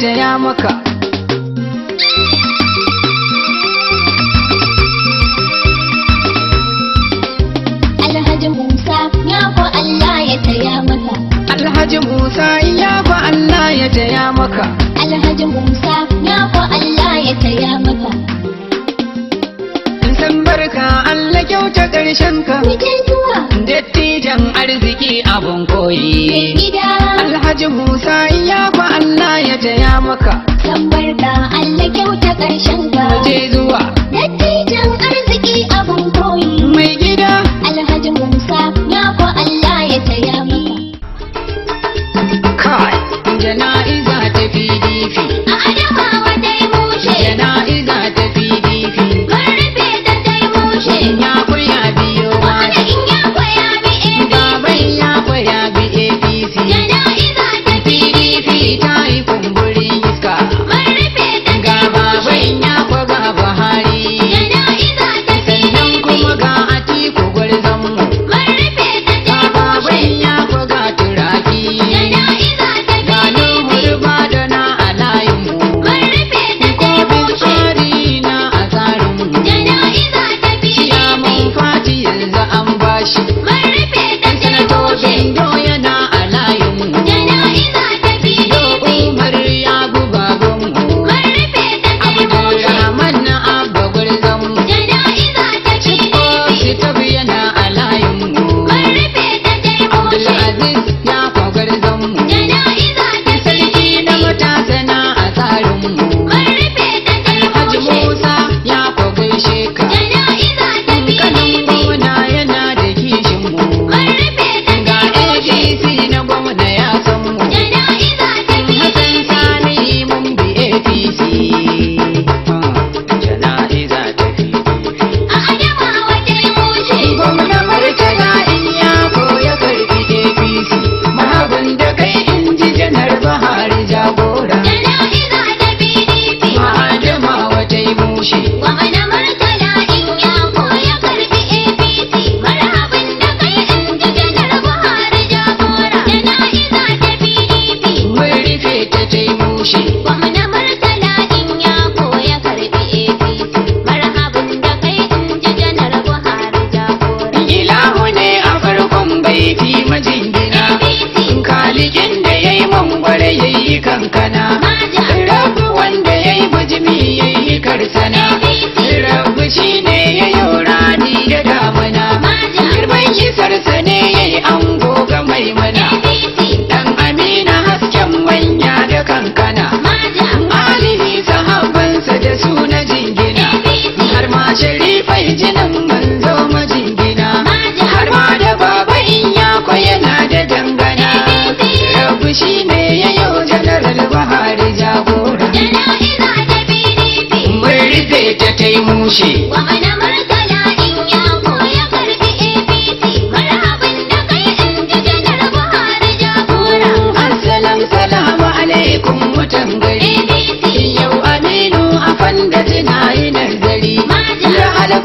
rataya maka Alhaji Musa ya fa Allah ya taya maka Alhaji Musa ya fa Allah ya taya maka Alhaji Musa ya fa Allah ya taya maka san barka Allah kyauta karshen ka dattijan arziki abun koyi Alhaji Musa ya fa Allah ya rataya maka tabbar da Allah kyauta karshen ka waje zuwa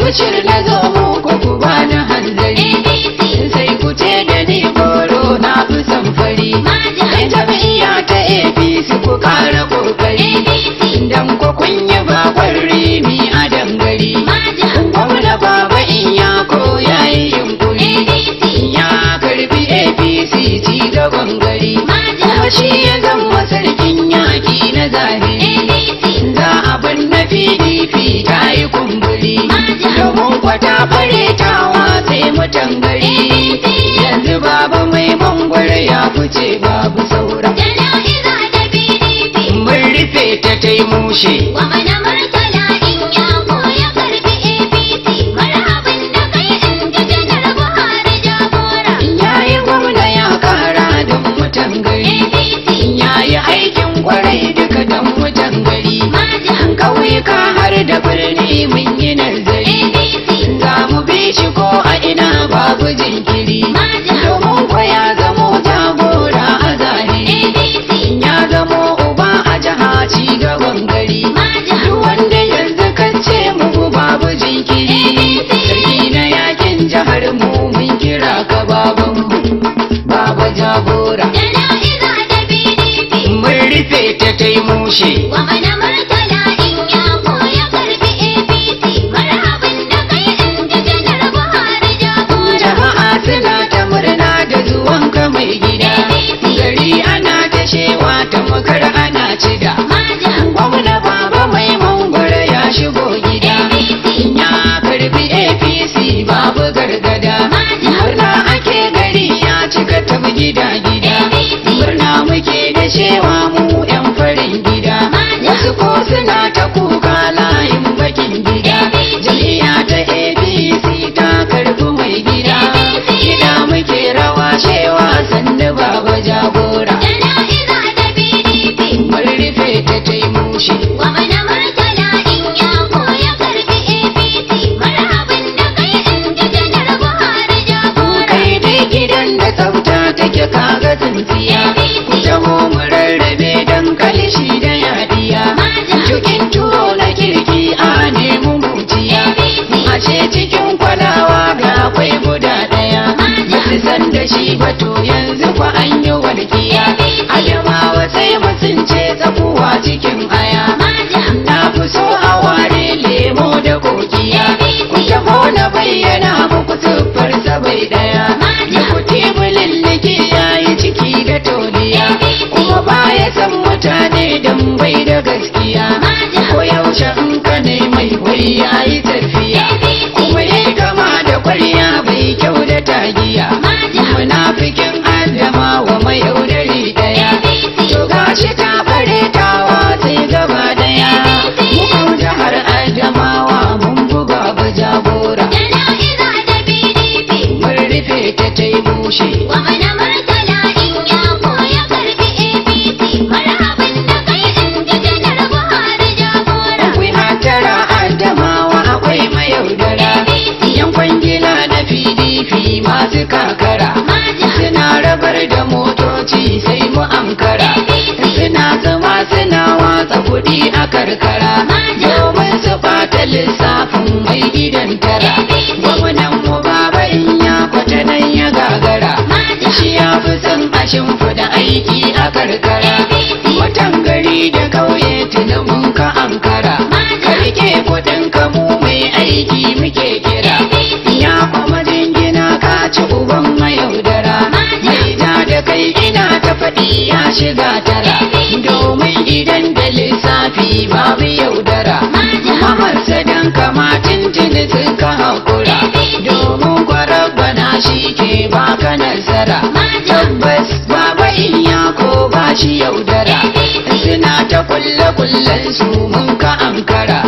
kucir na zo muku ku bani hanzari sai ku ce da ni goro na fi son fari Mai jam'iyya ta apc ku kara kokari dan ku kun yi rimi a dangari gwamna baba in ya koya yi yunkuri ya karbi apc ci gaban gari kuma shi ya zama sarkin yaki na zahiri za a bar na pdp ta yi kuma ta yi mushe karkara domin su fata lissafin mai gidan tara gwamnan mu baban ya kwata nan ya gagara shi ya fi son a shimfiɗa aiki a karkara watan gari da kauye tunanin ka ankara karke kuɗin kamu mu mai aiki muke kira ya kuma jingina ka ci uban mayaudara mai da kai ina ta faɗi ya shiga tara domin idan dalil laifi babu yaudara amarta don kama tintini suka haƙura domin kwarabana shi ke baka nazara tabbas baba in bashi ko ba shi yaudara suna ta kulle kullen su mun ka ankara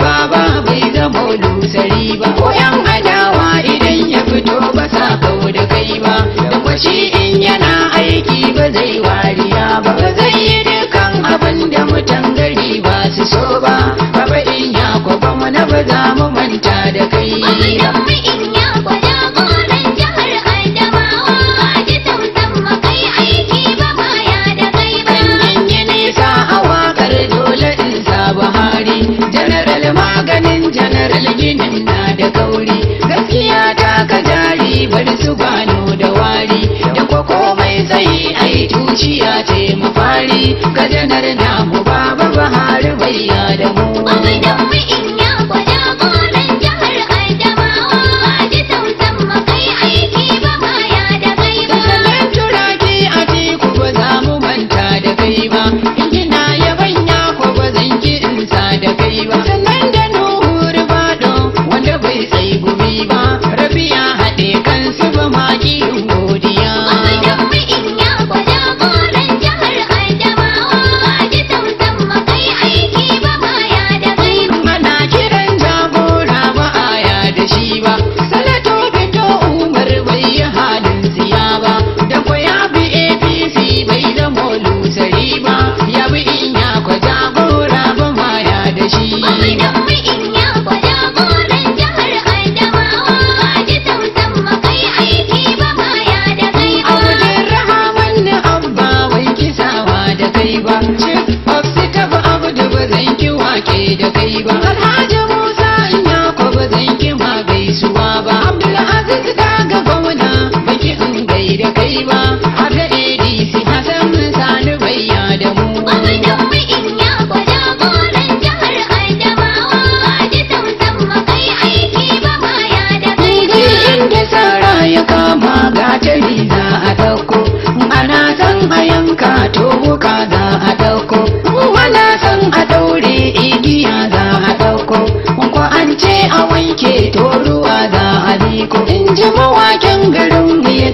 baba bai ga lusari ba ko yan adawa idan ya fito ba sa kau da kai ba kuma shi in yana aiki ba zai wariya ba ba zai yi dukan abin da mutan gari ba su so ba Baba in ya kwa mana ba mu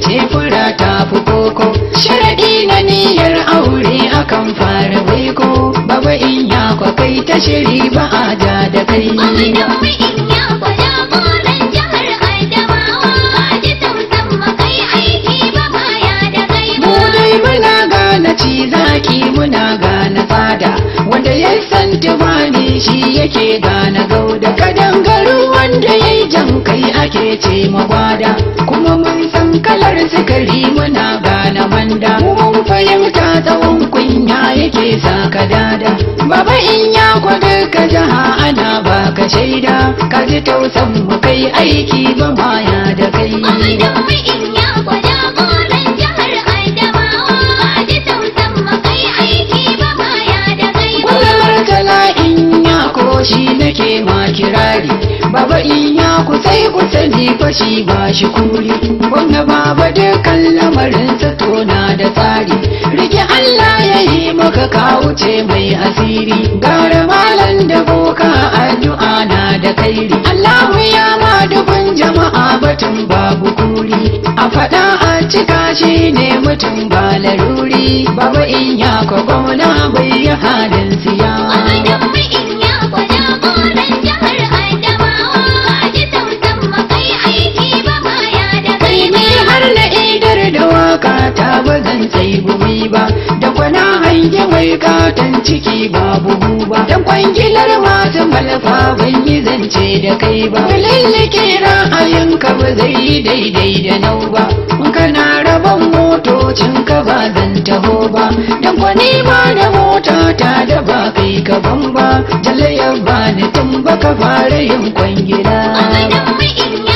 ce fura ta fi koko sharaɗi na niyyar aure akan fara baiko baba in ya kwa kai ta shiri ba a ja da kai ci zaki muna gane fada wanda ya san tubani shi yake gane gauda kadangaru wanda ya yi jan kai ake ce magwada arzikari muna gane wanda mun fahimta tsawon kunya yake sa ka dada baba in ya kwaga ka jaha ana baka shaida ka ji tausan mu kai aiki ba maya da kai shi nake ma kirari baba in ya ku sai ku sani ba shi kuri gwamna baba dukkan lamarin sa tona da tsari rike Allah ya yi maka kawuce mai asiri gara malam da boka addu'a na da kairi Allahu ya ma dubun jama'a batun babu kuri a faɗa a cika shi ne mutum ba laruri baba in ya ka gwamna bai yi halin siya ba zan sai bumi ba da kwana hange mai katon ciki ba buhu ba da kwangilar mata malafa ban yi zance da kai ba lallake ra'ayinka ba zai yi daidai da nau ba kana rabon ka ba zan taho ba da kwani ma da mota ta da ba kai kaban ba jalayar ba ni tun baka fara yin kwangila. a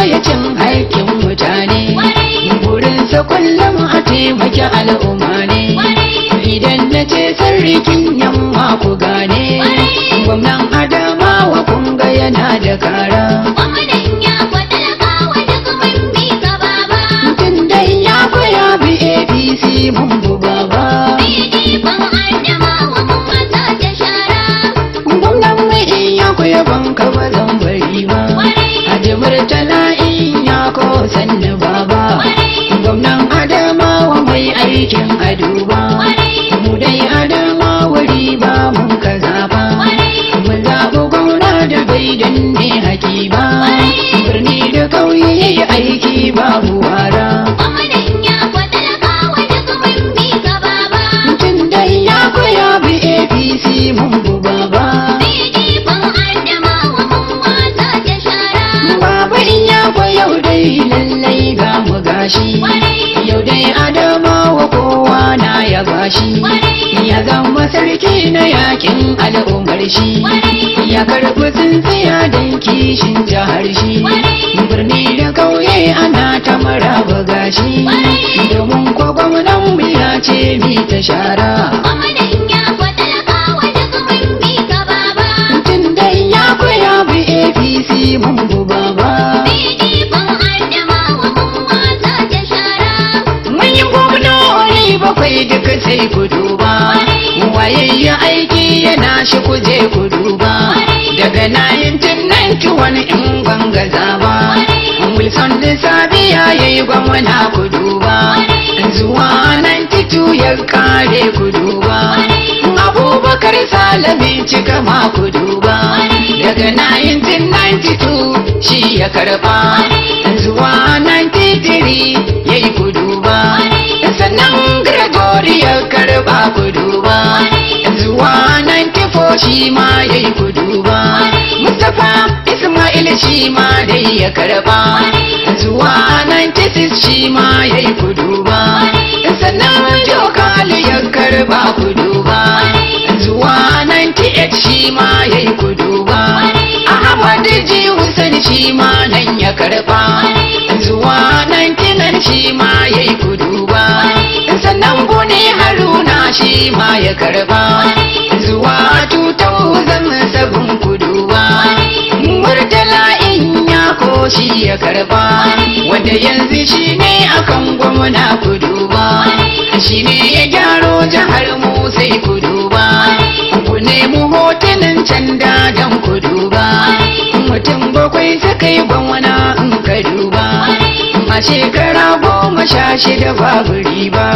baya cin aikin mutane sa kullum a taimaki al'umma ne idan na ce sarrikin yamma ku gane gwamnan adamawa kunga yana da kare haƙƙin al'ummar shi ya karɓi tsintsiya da kishin jihar shi birni da ƙauye ana ta maraba gashi domin ko gwamnan ya ce mi ta shara tun da ya ya bi apc mun bakwai sai gudu ki kuje ku duba daga 1991 in ban gaza ba wilson din sabiya ya yi gwamna ku duba zuwa 92 ya kare ku duba abubakar salami cika ma ku duba daga 1992 shi ya karba zuwa shi ma ya yi ismail shi ma dai ya karba zuwa nan tisis shi ma ya yi kudu ba sannan ya karba kuduba ba zuwa nan th shi ma ya yi kudu ba ahmad ji husan shi ma nan ya karba zuwa nan tinan shi ma ya yi kudu sannan bune haruna shi ma ya karba zuwa shi ya karba wanda yanzu shi ne akan gwamna ku duba shi ne ya gyaro jihar mu sai ku duba ku nemi hotunan can dadan ku duba mutum bakwai ta kai gwamna in ka duba a shekara goma sha shida babu riba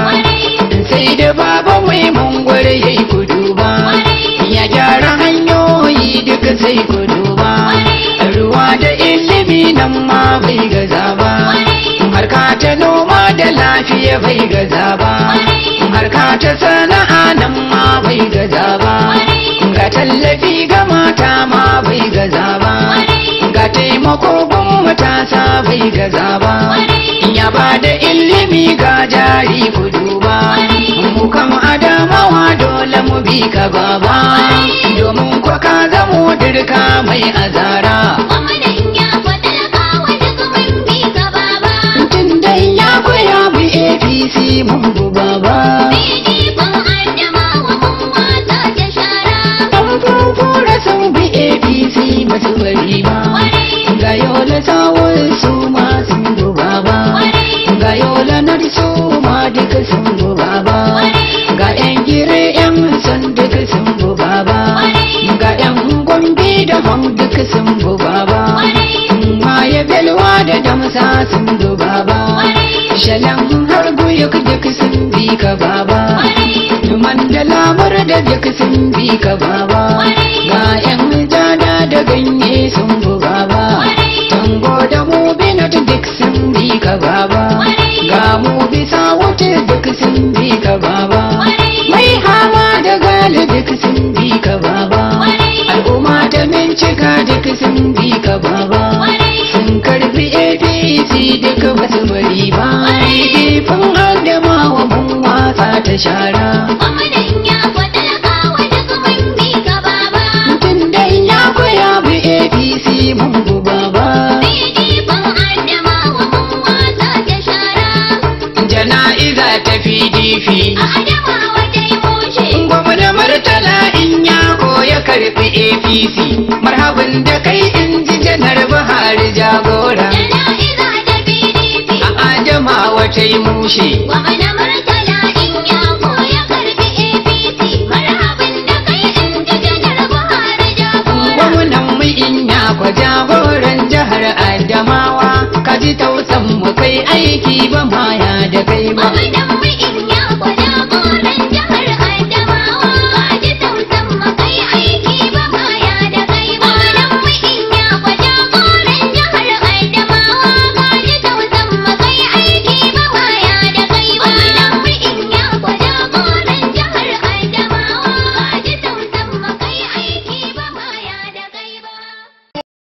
yamma bai gaza ba harka ta noma da lafiya bai gaza ba harka ta sana'a nan ma bai gaza ba ga tallafi ga mata ma bai gaza ba ga taimako gun matasa bai gaza ba ya ba da ilimi ga jari ku duba mu kam adamawa dole mu bi ka baba domin kwa ka zamo dirka mai azara ci mun buga ba ka baba tuman da lamar da duk sun bi ka baba ga yan jana da ganye sun bu baba tango da mu binat duk sun bi ka baba ga mu bisa wuce duk sun bi ka baba mai hawa da gali duk sun bi ka baba al'umma ta mincika duk sun bi ka baba sun karbi apc duk wasu bari ba za shara gwamnan ya kwatalaka wata zuban bi ka baba mutum dai ya koya bi apc mun bu baba jana'iza ta pdp a adamawa dai moce gwamna murtala in ya koya karfi apc marhaban da kai in ji janar buhari jagora jana'iza ta pdp a adamawa ta yi mushe